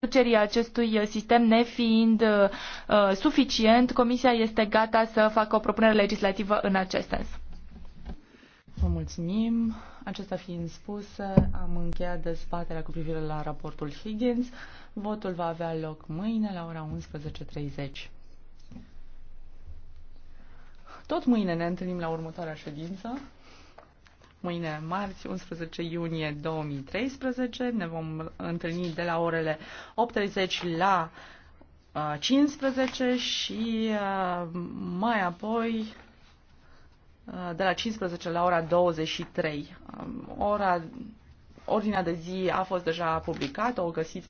Reducerii acestui uh, sistem nefiind uh, uh, suficient, Comisia este gata să facă o propunere legislativă în acest sens. Vă mulțumim. Acesta fiind spuse, am încheiat dezbaterea cu privire la raportul Higgins. Votul va avea loc mâine la ora 11.30. Tot mâine ne întâlnim la următoarea ședință mâine, marți, 11 iunie 2013. Ne vom întâlni de la orele 8.30 la 15 uh, și uh, mai apoi uh, de la 15 la ora 23. Um, ora, ordinea de zi a fost deja publicată, o găsiți